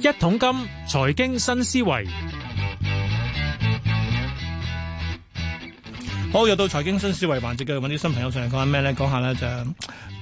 一桶金財經新思維，好又到財經新思維環節，繼續，揾啲新朋友上嚟講下咩咧？講下咧就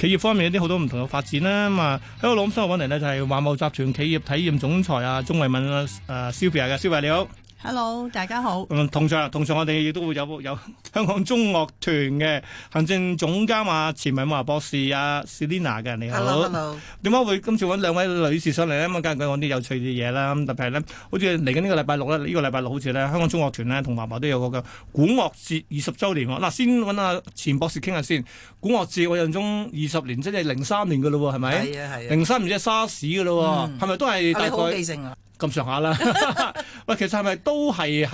企業方面有啲好多唔同嘅發展啦。咁啊喺我腦咁深度揾嚟咧就係華懋集團企業體驗總裁啊鍾慧敏啊誒，Sophia 嘅 Sophia 你好。Hello，大家好。同場，同場。我哋亦都會有有香港中樂團嘅行政總監啊，錢敏華博士啊，Celina 嘅，你好。Hello，點 hello 解會今次揾兩位女士上嚟咧？咁啊，梗係講啲有趣嘅嘢啦。特別係咧，好似嚟緊呢個禮拜六咧，呢、呢個禮拜六好似咧，香港中樂團咧，同華懋都有個叫鼓樂節二十周年嗱，先揾阿錢博士傾下先。鼓樂節我印象中二十年，即係零三年嘅咯喎，係咪？係零三年即係沙士、嗯、s 嘅咯喎，係咪都係大概？好記性啊！咁上下啦，喂， 其實係咪都係喺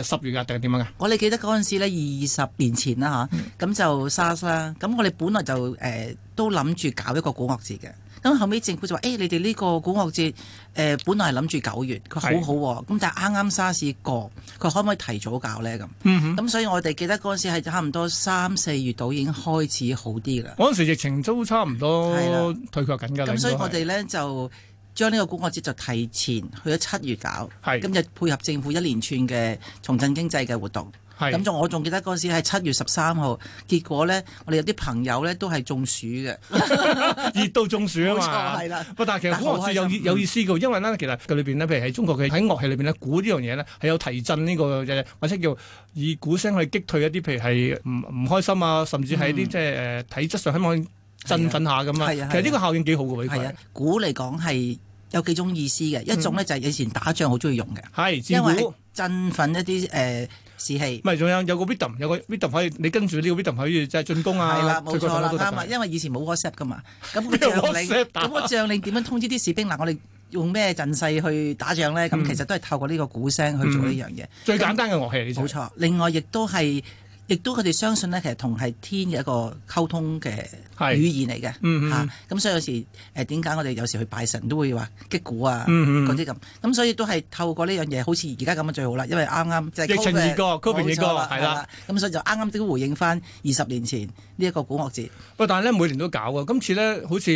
誒十月㗎定係點樣㗎？ 我哋記得嗰陣時咧，二十年前啦吓，咁 就 SARS 啦。咁我哋本來就誒、呃、都諗住搞一個鼓樂節嘅。咁後尾政府就話：，誒、欸、你哋呢個鼓樂節誒、呃、本來係諗住九月，佢好好、啊、喎。咁是但係啱啱 SARS 過，佢可唔可以提早搞咧？咁，咁所以我哋記得嗰陣時係差唔多三四月度已經開始好啲啦。我嗰時疫情都差唔多退卻緊㗎啦。咁所以我哋咧就。將呢個鼓樂節就提前去咗七月搞，是今日配合政府一連串嘅重振經濟嘅活動。咁仲是我仲記得嗰時係七月十三號，結果咧，我哋有啲朋友咧都係中暑嘅，熱 到中暑啊嘛。冇錯係啦。不過但係其實鼓樂節有很有意思嘅，因為呢其實嘅裏邊咧，譬如喺中國嘅喺樂器裏邊呢，鼓呢樣嘢呢係有提振呢個嘅，或者叫以鼓聲去擊退一啲譬如係唔唔開心啊，甚至係啲即係誒體質上希望。振奮下咁啊！其實呢個效應幾好嘅，鼓嚟講係有幾種意思嘅。一種咧就係以前打仗好中意用嘅，因為振奮一啲誒士氣。唔係，仲有有個 rhythm 有個 rhythm 可以你跟住呢個 rhythm 可以即係進攻啊。係啦，冇錯啦，啱啊。因為以前冇 WhatsApp 噶嘛，咁嘅將領，咁個將領點樣通知啲士兵嗱？我哋用咩陣勢去打仗咧？咁其實都係透過呢個鼓聲去做呢樣嘢。最簡單嘅樂器就係。冇錯，另外亦都係。亦都佢哋相信咧，其實同係天嘅一個溝通嘅語言嚟嘅，咁所以有時誒點解我哋有時去拜神都會話擊鼓啊嗰啲咁，咁、嗯嗯啊、所以都係透過呢樣嘢，好似而家咁啊最好啦，因為啱啱即係疫情異個，covid 啦，咁所以就啱啱都回應翻二十年前呢一個鼓樂節。不過但係咧每年都搞嘅，今次咧好似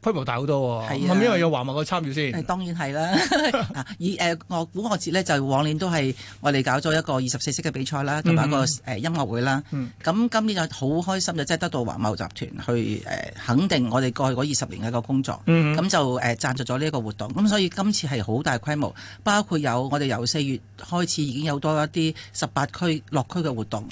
規模大好多喎、啊，係咪因為有華懋嘅參與先？誒當然係啦，嗱而誒鼓樂節咧就往年都係我哋搞咗一個二十四式嘅比賽啦，同埋一個，一個嗯嗯、啊、音樂。啦，咁、嗯、今年就好開心就即、是、係得到華懋集團去、呃、肯定我哋過去嗰二十年嘅一個工作，咁、嗯、就誒贊助咗呢一個活動，咁所以今次係好大規模，包括有我哋由四月開始已經有多一啲十八區落區嘅活動，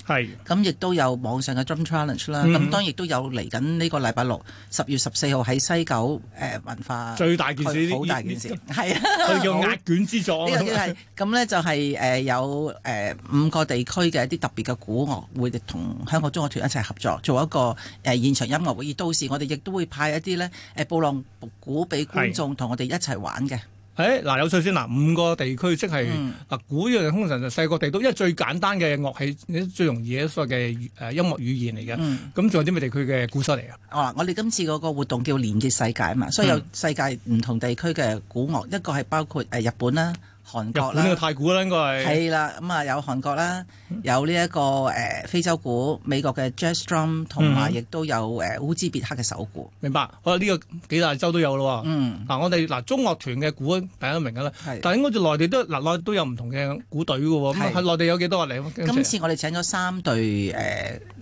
咁亦的都有網上嘅 Dream Challenge 啦、嗯，咁當然亦都有嚟緊呢個禮拜六十月十四號喺西九、呃、文化最大件事，好大件事，係啊，佢叫壓卷之作呢。我 個係、就是，咁咧就係、是、誒、呃、有誒、呃、五個地區嘅一啲特別嘅古會同香港中樂團一齊合作，做一個誒、呃、現場音樂會議。而到時我哋亦都會派一啲咧誒，撥、呃、浪鼓俾觀眾同是我哋一齊玩嘅。誒、欸，嗱有趣先嗱，五個地區即係嗱，鼓一樣通常就細個地都，因為最簡單嘅樂器，最容易所謂嘅誒音樂語言嚟嘅。咁仲、嗯、有啲咩地區嘅鼓室嚟啊？哦，我哋今次嗰個活動叫連結世界啊嘛，所以有世界唔同地區嘅鼓樂，嗯、一個係包括誒、呃、日本啦。韓國啦，太鼓啦，應該係係啦，咁啊、嗯、有韓國啦，有呢、這、一個誒、呃、非洲鼓，美國嘅 Jazz Drum，同埋亦都有誒烏、呃、茲別克嘅手鼓。明白，好啦呢、這個幾大洲都有咯。嗯，嗱、啊、我哋嗱、啊、中樂團嘅鼓大家明噶啦，是但係應該就內地都嗱內都有唔同嘅鼓隊嘅喎。係是、嗯、內地有幾多啊？你今次我哋請咗三隊誒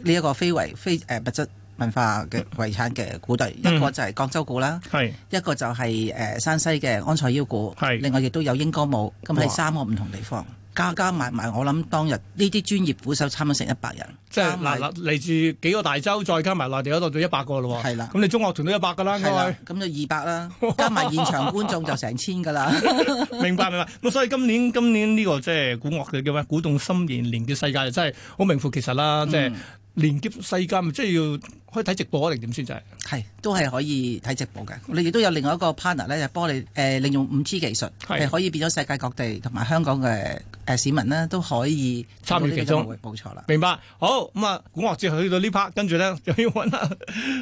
呢一個非為非誒、呃、物質文化嘅遺產嘅鼓隊，嗯、一個就係廣州鼓啦，是一個就係、是、誒、呃、山西嘅安塞腰鼓，是另外亦都有英歌舞。咁喺哇三個唔同地方，加加埋埋，我諗當日呢啲專業鼓手差唔多成一百人，即係嗱嚟自幾個大洲，再加埋內地都到咗一百個咯。係啦，咁你中樂團都一百㗎啦，咁就二百啦，加埋現場觀眾就成千㗎啦 明白明白，咁所以今年今年呢個即係鼓樂嘅叫咩？鼓動心弦，連結世界，真係好名副其實啦。即係、嗯、連結世界，即、就、係、是、要。可以睇直播啊，定點先就係？係，都係可以睇直播嘅。我哋亦都有另外一個 partner 咧，就幫你誒、呃、利用 5G 技術，的可以變咗世界各地同埋香港嘅、呃、市民呢都可以參與其中。冇錯啦。明白。好咁、嗯嗯、啊，鼓樂節去到呢 part，跟住咧就要揾阿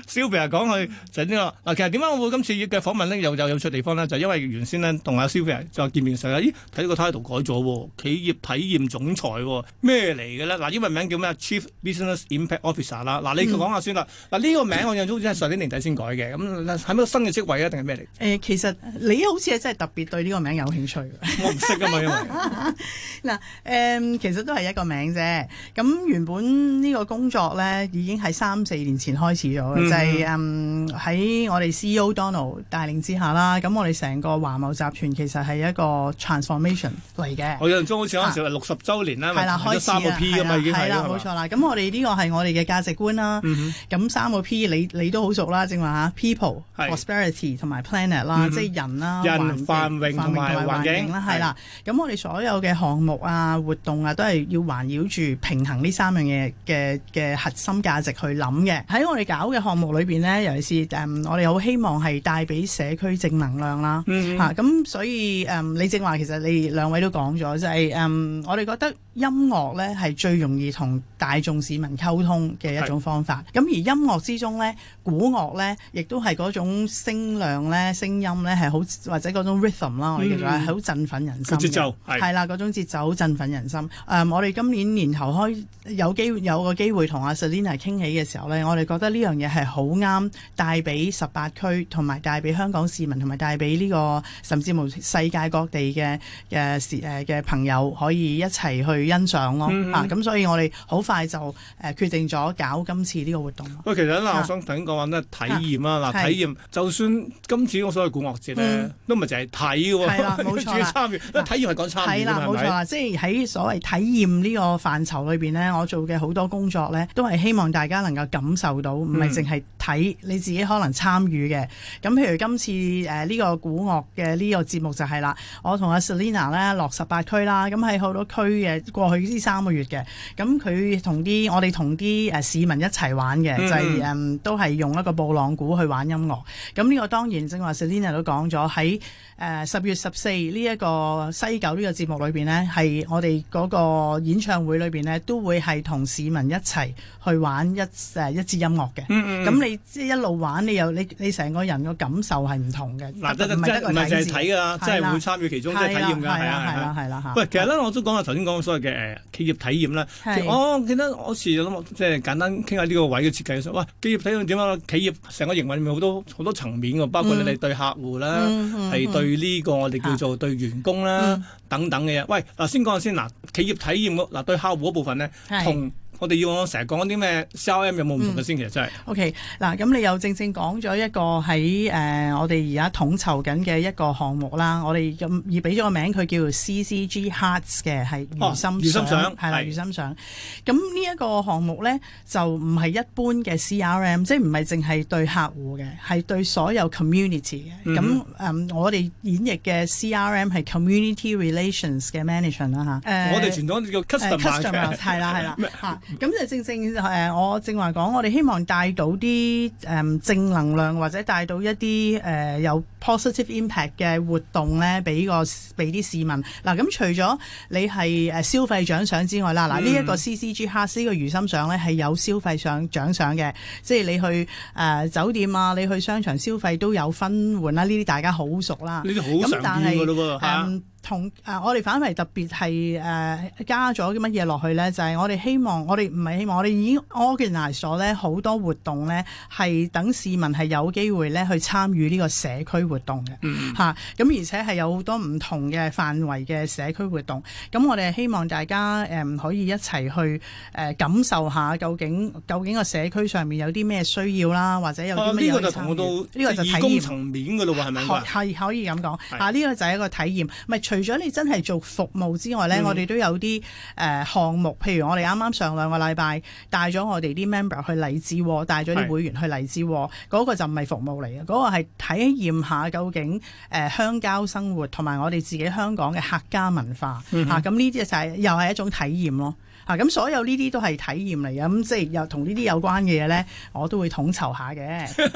Sylvia 講佢就呢個嗱。其實點解我會今次嘅訪問呢？又，又有有趣地方呢，就是、因為原先呢，同阿 Sylvia 就話見面嘅時候，咦睇個 title 改咗喎、哦，企業體驗總裁喎，咩嚟嘅咧？嗱，英、啊、文名叫咩 Chief Business Impact Officer 啦。嗱，你講下先啦。嗯嗱呢個名我印象中好似係上年年底先改嘅，咁係咩新嘅職位啊，定係咩嚟？其實你好似係真係特別對呢個名有興趣。我唔識 啊嘛。因為嗱、呃、誒，其實都係一個名啫。咁原本呢個工作咧已經係三四年前開始咗，嗯、哼就係、是、喺、嗯、我哋 C E O Donald 帶領之下啦。咁我哋成個華懋集團其實係一個 transformation 嚟嘅。我印象中好似講成話六十週年啦，係啦、啊啊，開咗三個 P 咁啊的，已經係啦，冇錯啦。咁的吧我哋呢、這個係我哋嘅價值觀啦。咁、嗯哼嗯三個 P，你你都好熟啦，正話吓 people prosperity 同埋 planet 啦，即係人啦、人境繁榮同埋環境啦，係啦。咁是我哋所有嘅項目啊、活動啊，都係要環繞住平衡呢三樣嘢嘅嘅核心價值去諗嘅。喺我哋搞嘅項目裏邊咧，尤其是誒、嗯、我哋好希望係帶俾社區正能量啦吓，咁、嗯嗯啊、所以誒、嗯、你正話其實你兩位都講咗，就係、是、誒、嗯、我哋覺得音樂咧係最容易同大眾市民溝通嘅一種方法。咁是而音音樂之中咧，鼓樂咧，亦都係嗰種聲量咧、聲音咧係好或者嗰種 rhythm 啦，亦係好振奮人，人心。節奏係啦，嗰種節奏好振奮人心。誒，我哋今年年頭開有機有個機會同阿 Selina 傾起嘅時候咧，我哋覺得呢樣嘢係好啱帶俾十八區，同埋帶俾香港市民，同埋帶俾呢個甚至乎世界各地嘅嘅嘅朋友可以一齊去欣賞咯。咁、嗯啊、所以我哋好快就誒決定咗搞今次呢個活動。喂，其實嗱，我想頭先講話咧體驗啦，嗱體驗，就算今次我所謂鼓樂節咧，嗯、都唔係淨係睇喎，主要 參與，啊、因為體驗係講參與，係咪的？係啦，冇錯，吧即係喺所謂體驗呢個範疇裏邊咧，我做嘅好多工作咧，都係希望大家能夠感受到，唔係淨係睇你自己可能參與嘅。咁譬如今次呢個鼓樂嘅呢個節目就係、是、啦，我同阿 Selina 咧落十八區啦，咁喺好多區嘅過去呢三個月嘅，咁佢同啲我哋同啲市民一齊玩嘅。嗯都係用一個布朗鼓去玩音樂。咁呢個當然，正話 Selina 都講咗喺誒十月十四呢一個西九呢個節目裏面呢，係我哋嗰個演唱會裏面呢，都會係同市民一齊去玩一誒一支音樂嘅。咁你即係一路玩，你又你你成個人個感受係唔同嘅。嗱，即係唔係得個睇先？係啦。即係會參與其中，即係體驗㗎。係啦，係啦，係啦。嚇！喂，其實咧，我都講下頭先講嘅所謂嘅誒企業體驗啦。我記得我時諗，即係簡單傾下呢個位嘅設計。喂，企業體驗點樣？企業成個營運裡面好多好多層面嘅，包括你哋對客戶啦，係、嗯、對呢個我哋叫做對員工啦、嗯嗯、等等嘅嘢。喂，嗱先講下先，嗱企業體驗嗱對客戶嗰部分咧，同。我哋要我成日講啲咩 CRM 有冇唔同嘅先，其實真係。O K 嗱，咁、okay，你又正正講咗一個喺誒、呃、我哋而家統籌緊嘅一個項目個、啊、啦。我哋咁而俾咗個名，佢叫做 C C G Hearts 嘅，係如心想，係啦，如心想。咁呢一個項目咧，就唔係一般嘅 C R M，即係唔係淨係對客戶嘅，係對所有 community 嘅。咁誒、嗯哼呃，我哋演繹嘅 C R M 係 community relations 嘅 management 啦嚇，我哋傳統叫 customer、er、customer 係啦係啦咁就正正誒、呃，我正話講，我哋希望帶到啲誒、嗯、正能量，或者帶到一啲誒、呃、有 positive impact 嘅活動咧，俾、呢個俾啲市民。嗱、呃，咁除咗你係消費獎賞之外啦，嗱呢一個 CCG HAS 呢個如心賞咧係有消費上獎賞嘅，即係你去誒、呃、酒店啊，你去商場消費都有分換啦。呢啲大家好熟啦，呢啲好常見。同誒、啊，我哋範圍特別係誒、啊、加咗啲乜嘢落去咧，就係、是、我哋希望，我哋唔係希望，我哋已經 organize 咗咧好多活動咧，係等市民係有機會咧去參與呢個社區活動嘅咁、嗯嗯啊嗯、而且係有好多唔同嘅範圍嘅社區活動。咁、啊嗯嗯、我哋希望大家唔、嗯、可以一齊去誒、呃、感受下究竟究竟個社區上面有啲咩需要啦，或者有啲咩呢個就同都呢個就睇層面嘅咯喎，係咪啊？係可以咁講嚇，呢、啊呢個就係一個體驗，啊啊啊的除咗你真係做服務之外呢、嗯、我哋都有啲誒項目，譬如我哋啱啱上兩個禮拜帶咗我哋啲 member 去荔枝，帶咗啲會員去荔枝嗰個就唔係服務嚟嘅，嗰、嗰個係體驗下究竟誒鄉郊生活同埋我哋自己香港嘅客家文化嚇，咁呢啲就係又係一種體驗咯。啊，咁所有呢啲都係體驗嚟嘅，咁、嗯、即係又同呢啲有關嘅嘢咧，我都會統籌下嘅。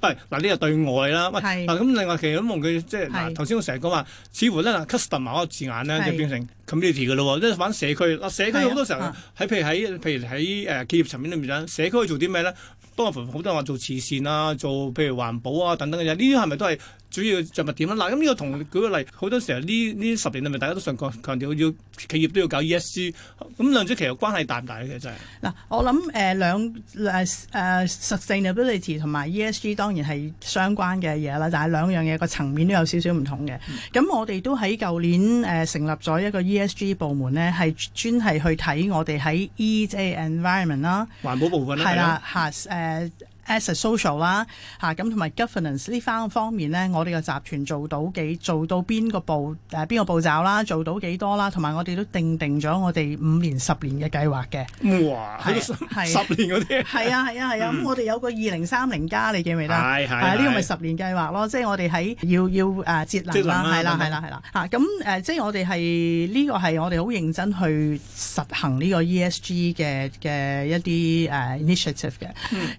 喂，嗱呢個對外啦，是喂，咁另外其實咁望佢即係嗱，頭、就、先、是、是我成日講話，似乎咧 custom 嗰個字眼咧就變成 community 嘅咯喎，即係是反社區。嗱社區好多時候喺、啊、譬如喺譬如喺誒企業層面裏面社社區去做啲咩咧？幫好多人話做慈善啊，做譬如環保啊等等嘅嘢，呢啲係咪都係？主要着物點啦，嗱咁呢個同舉個例，好多時候呢呢十年嚟，大家都強強調要企業都要搞 ESG，咁兩者其實關係大唔大嘅其實就係。嗱，我諗誒兩誒誒 Sustainability 同埋 ESG 當然係相關嘅嘢啦，但係兩樣嘢個層面都有少少唔同嘅。咁、嗯、我哋都喺舊年誒、呃、成立咗一個 ESG 部門咧，係專係去睇我哋喺 E 即係 environment 啦，環保部分啦，係啦，嚇誒 Yeah.。呃 a s Social 啦，咁同埋 Governance 呢方方面咧，我哋嘅集團做到幾做到邊個步誒邊個步驟啦？做到幾多啦？同埋我哋都定定咗我哋五年十年嘅計劃嘅。哇！十年嗰啲。係啊係啊係啊！咁我哋有個二零三零加你記唔記得？係係。呢個咪十年計劃咯，即係我哋喺要要誒節能啦，係啦係啦係啦，咁即係我哋係呢個係我哋好認真去實行呢個 ESG 嘅嘅一啲 initiative 嘅，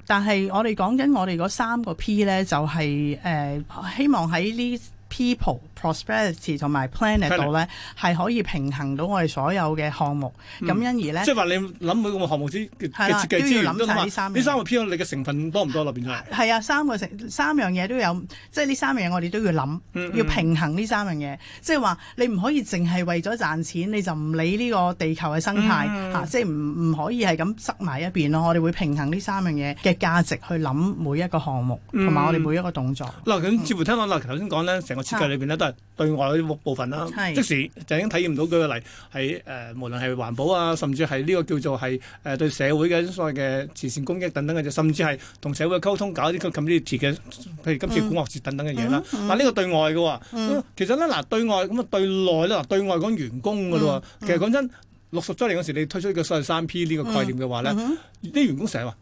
但係我哋講緊我哋嗰三個 P 咧，就係、是、誒、呃、希望喺呢 people。Prosperity 同埋 planet 度咧，係可以平衡到我哋所有嘅項目。咁因而咧，即係話你諗每個項目之嘅設計之，都要諗曬呢三呢三個 P 你嘅成分多唔多落面咗係啊，三個成三樣嘢都有，即係呢三樣嘢我哋都要諗，要平衡呢三樣嘢。即係話你唔可以淨係為咗賺錢，你就唔理呢個地球嘅生態嚇，即係唔唔可以係咁塞埋一邊咯。我哋會平衡呢三樣嘢嘅價值去諗每一個項目，同埋我哋每一個動作。嗱咁，似乎聽到嗱頭先講咧，成個設計裏邊咧對外的部分啦，是即時就已經體驗到佢嘅嚟喺誒，無論係環保啊，甚至係呢個叫做係誒、呃、對社會嘅所謂嘅慈善公益等等嘅，甚至係同社會嘅溝通搞啲咁 community 嘅，譬如今次鼓樂節等等嘅嘢啦。但呢、嗯嗯啊這個對外嘅，嗯、其實咧嗱，對外咁啊，對內咧，對外講員工噶啦，嗯嗯、其實講真六十周年嗰時，你推出呢個所謂三 P 呢個概念嘅話咧，啲、嗯嗯、員工成日話。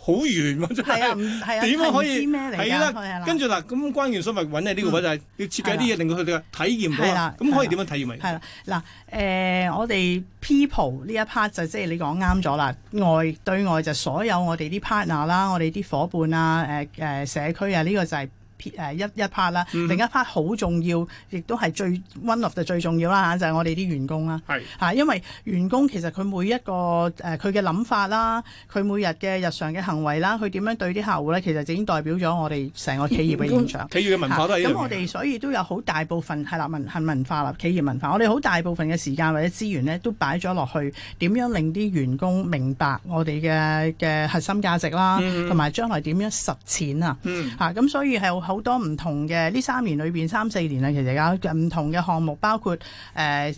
好遠喎，真係點、啊啊、樣可以？係啦，啊、跟住啦咁關鍵所咪搵嘅呢個位就係、嗯、要設計啲嘢令到佢哋體驗到，咁、啊、可以點樣體驗咪？係啦、啊，嗱、啊啊啊呃，我哋 people 呢一 part 就即、係、係你講啱咗啦，外對外就所有我哋啲 partner 啦，我哋啲伙伴啊，社區啊，呢、呢個就係、係。誒一一 part 啦，嗯，另一 part 好重要，亦都係最溫暖就最重要啦嚇，就係、是、我哋啲員工啦。係嚇是，因為員工其實佢每一個誒佢嘅諗法啦，佢每日嘅日常嘅行為啦，佢點樣對啲客戶咧，其實就已經代表咗我哋成個企業嘅形象。企業嘅文化都係。咁、啊、我哋所以都有好大部分係立文、恆文化啦，企業文化。我哋好大部分嘅時間或者資源咧，都擺咗落去點樣令啲員工明白我哋嘅嘅核心價值啦，同埋將來點樣實踐、嗯、啊。嗯。咁所以係好好多唔同嘅呢三年裏邊三四年啊其實有唔同嘅項目，包括誒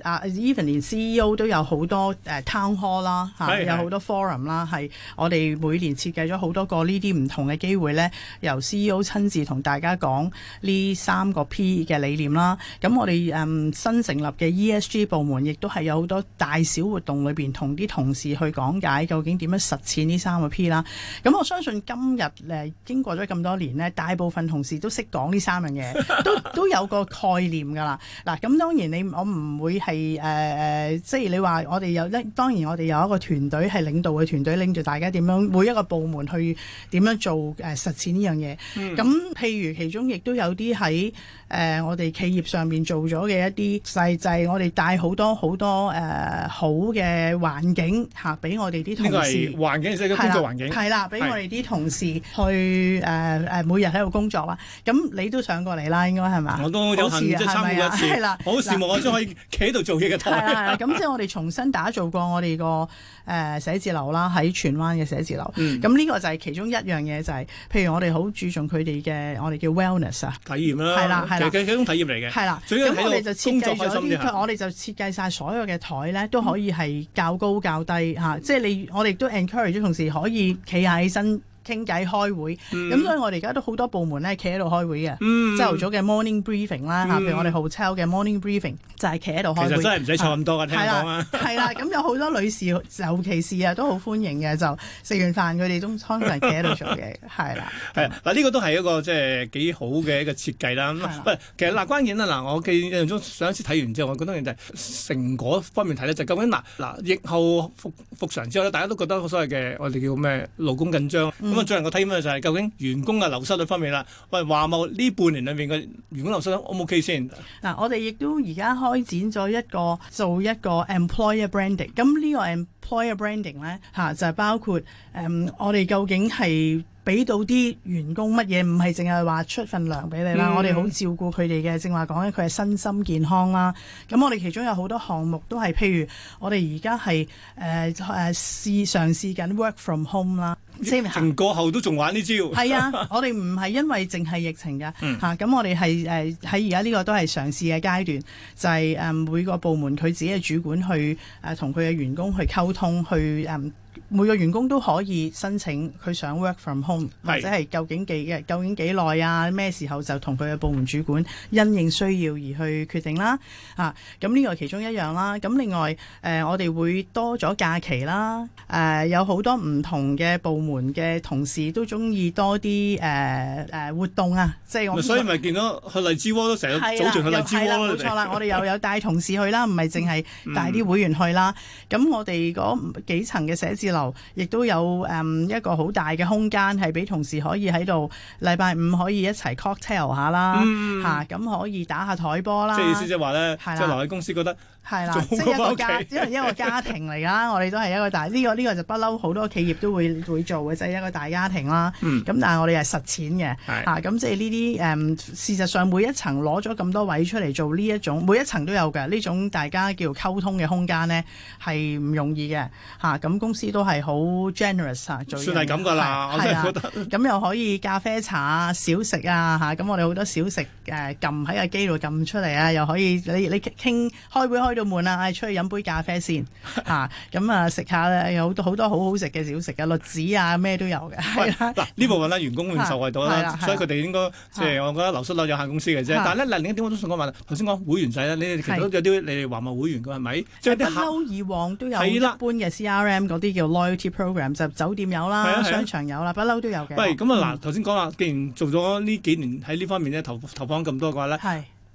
阿 Evan 連 CEO 都有好多誒 Townhall 啦、嚇、呃啊、是是 有好多 Forum 啦、啊，係我哋每年設計咗好多個呢啲唔同嘅機會咧，由 CEO 親自同大家講呢三個 P 嘅理念啦。咁、啊、我哋誒、嗯、新成立嘅 ESG 部門亦都係有好多大小活動裏邊同啲同事去講解究竟點樣實踐呢三個 P 啦、啊。咁、啊、我相信今日誒、呃、經過咗咁多年咧，大部分同事。都識講呢三樣嘢，都都有個概念㗎啦。嗱，咁當然你我唔會係誒誒，即係你話我哋有一，當然我哋有一個團隊係領導嘅團隊，拎住大家點樣每一個部門去點樣做誒、呃、實踐呢樣嘢。咁、嗯、譬如其中亦都有啲喺誒我哋企業上面做咗嘅一啲細節，就是、我哋帶好多好多、呃、好多好多誒好嘅環境嚇俾我哋啲同事環境，係、啊、工作環境係啦，俾我哋啲同事去誒誒、呃、每日喺度工作啦。咁你都上過嚟啦，應該係嘛？我都有幸即係參加一次，係啦，好羨慕我都可以企喺度做嘢嘅台。咁即係我哋重新打造過我哋個誒寫字樓啦，喺荃灣嘅寫字樓。咁呢個就係其中一樣嘢，就係譬如我哋好注重佢哋嘅我哋叫 wellness 啊，體驗啦。係啦，係啦，其實佢係一種體驗嚟嘅。係啦，咁我哋就設計咗啲，我哋就設計晒所有嘅台咧，都可以係較高較低嚇，即係你我哋都 encourage，同時可以企喺身。傾偈開會，咁所以我哋而家都好多部門咧企喺度開會嘅。朝頭早嘅 morning briefing 啦，譬如我哋 hotel 嘅 morning briefing 就係企喺度開會。其實真係唔使坐咁多嘅，係啦，係啦。咁有好多女士，尤其是啊，都好歡迎嘅。就食完飯佢哋都通常企喺度做嘢，係啦。係啊，嗱呢個都係一個即係幾好嘅一個設計啦。唔係，其實嗱關鍵啦嗱，我記印象中上一次睇完之後，我覺得就係成果方面睇咧就究竟嗱嗱疫後復復常之後咧，大家都覺得所謂嘅我哋叫咩勞工緊張。咁啊，嗯、最難個體驗就係究竟員工嘅流失率方面啦。喂，華懋呢半年裏面嘅員工流失率，O 唔 O K 先？嗱、okay? 啊，我哋亦都而家開展咗一個做一個 employer branding, 個 employ、er branding。咁呢個 employer branding 咧，嚇就係、是、包括誒、嗯，我哋究竟係俾到啲員工乜嘢？唔係淨係話出份糧俾你啦，嗯、我哋好照顧佢哋嘅。正話講咧，佢係身心健康啦。咁我哋其中有好多項目都係，譬如我哋而家係誒誒試嘗試緊 work from home 啦。疫情過後都仲玩呢招？係啊，我哋唔係因為淨係疫情噶，嚇、咁、 啊、我哋係誒喺而家呢個都係嘗試嘅階段，就係、誒嗯、每個部門佢自己嘅主管去同佢嘅員工去溝通去、嗯每個員工都可以申請佢想 work from home，或者係究竟幾嘅究竟幾耐啊？咩時候就同佢嘅部門主管因應需要而去決定啦。啊，咁呢個其中一樣啦。咁、嗯、另外誒、呃，我哋會多咗假期啦。誒、呃，有好多唔同嘅部門嘅同事都中意多啲誒誒活動啊。即、就、係、是、我所以咪見到去荔枝窩都成日組團去荔枝窩咯、啊。冇、嗯、錯啦， 我哋又有，有帶同事去啦，唔係淨係帶啲會員去啦。咁、嗯嗯、我哋嗰幾層嘅寫字。流亦都有誒、嗯、一個好大嘅空間，係俾同事可以喺度禮拜五可以一齊 cocktail 下啦，吓咁、嗯啊、可以打下台波啦。即係意思即係話咧，即係係啦留喺公司覺得。係啦，即係一個家，因為一個家庭嚟㗎。我哋都係一個大，呢個呢個就不嬲，好多企業都會會做嘅，即係一個大家庭啦。咁但係我哋係實踐嘅嚇，咁即係呢啲誒，事實上每一層攞咗咁多位出嚟做呢一種，每一層都有嘅呢種大家叫溝通嘅空間咧，係唔容易嘅嚇。咁公司都係好 generous 啊，做算係咁㗎啦，我真係覺得。咁又可以咖啡、茶、小食啊嚇，咁我哋好多小食誒撳喺個機度撳出嚟啊，又可以你你傾開會開。到悶啦，出去飲杯咖啡先嚇，咁啊食下有好多好多好好食嘅小食啊，栗子啊咩都有嘅，係啦。呢部分咧員工會受惠到啦，所以佢哋應該即係我覺得流失率有限公司嘅啫。但係咧另一點我都想講話，頭先講會員制咧，你哋其實都有啲你哋華懋會員嘅係咪？即係不嬲，以往都有一般嘅 CRM 嗰啲叫 loyalty program，就酒店有啦，商場有啦，不嬲都有嘅。喂，咁啊嗱，頭先講啊，既然做咗呢幾年喺呢方面咧投投放咁多嘅話咧，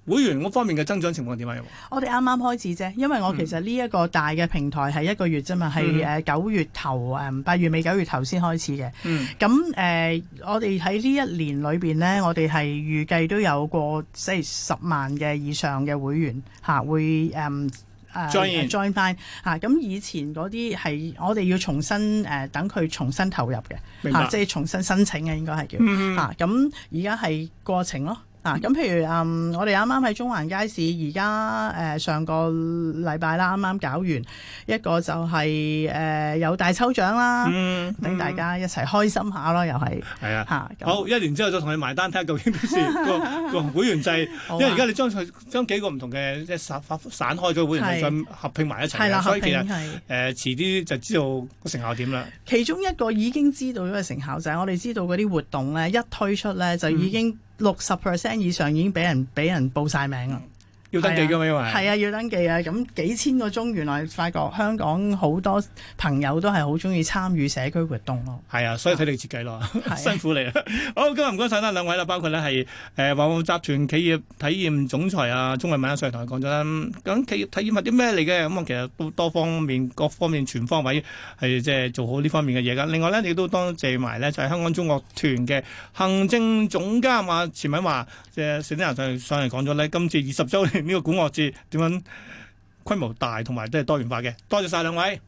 會員嗰方面嘅增長情況係點啊？我哋啱啱開始啫，因為我其實呢一個大嘅平台係一個月啫嘛，係誒九月頭誒八月尾九月頭先開始嘅。咁誒、嗯呃，我哋喺呢一年裏邊咧，我哋係預計都有過即係十萬嘅以上嘅會員嚇會誒誒、呃、join in 嚇。咁以前嗰啲係我哋要重新誒、啊、等佢重新投入嘅明白、啊，即係重新申請嘅應該係叫嚇。咁而家係過程咯。嗱咁，譬如嗯，我哋啱啱喺中環街市，而家誒上個禮拜啦，啱啱搞完一個就係誒有大抽獎啦，等大家一齊開心下咯，又係啊好一年之後再同你埋單，睇下究竟咩事個個會員制，因為而家你將將幾幾個唔同嘅即係散散開咗會員制再合拼埋一齊啦，所以其實遲啲就知道個成效點啦。其中一個已經知道咗個成效就係我哋知道嗰啲活動咧一推出咧就已經。六十 percent 以上已經俾人俾人報晒名啦。要登記噶嘛，啊、因為係啊，要登記啊。咁幾千個鐘，原來發覺香港好多朋友都係好中意參與社區活動咯。係啊，所以睇你設計咯，辛苦你啦。好，今日唔該晒啦，兩位啦，包括咧係誒華懋集團企業體驗總裁啊，鍾慧敏啊，上嚟同佢講咗啦。咁、嗯、企業體驗係啲咩嚟嘅？咁、嗯、啊，其實都多方面、各方面全方位係即係做好呢方面嘅嘢噶。另外咧，你都多謝埋咧，就係香港中樂團嘅行政總監啊，錢敏華，即係上嚟講咗咧。今次二十週年。呢個鼓樂節點樣規模大同埋都係多元化嘅，多謝晒兩位。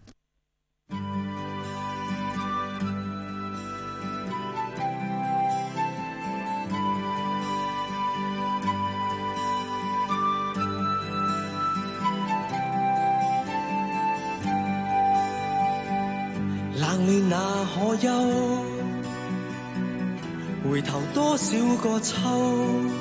冷暖哪可休，回頭多少個秋。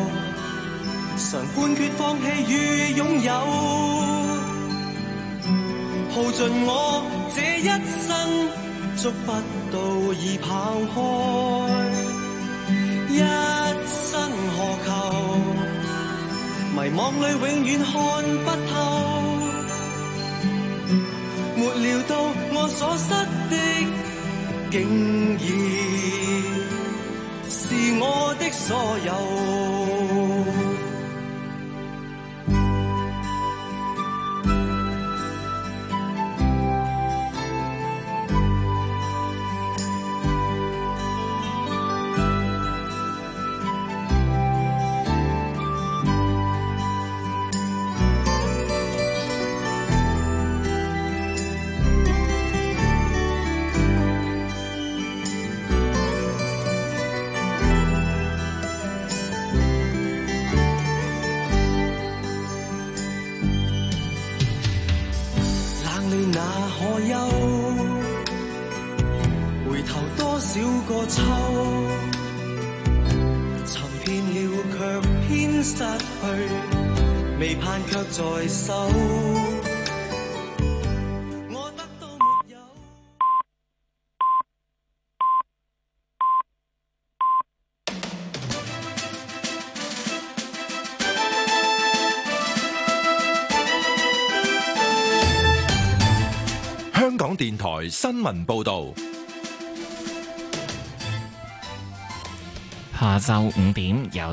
常判決放棄與擁有，耗盡我這一生，觸不到已跑開。一生何求？迷惘裏永遠看不透。沒料到我所失的，竟然是我的所有。問哪可休？回頭多少個秋？尋遍了卻偏失去，未盼却在手。新聞報道，下晝五點有。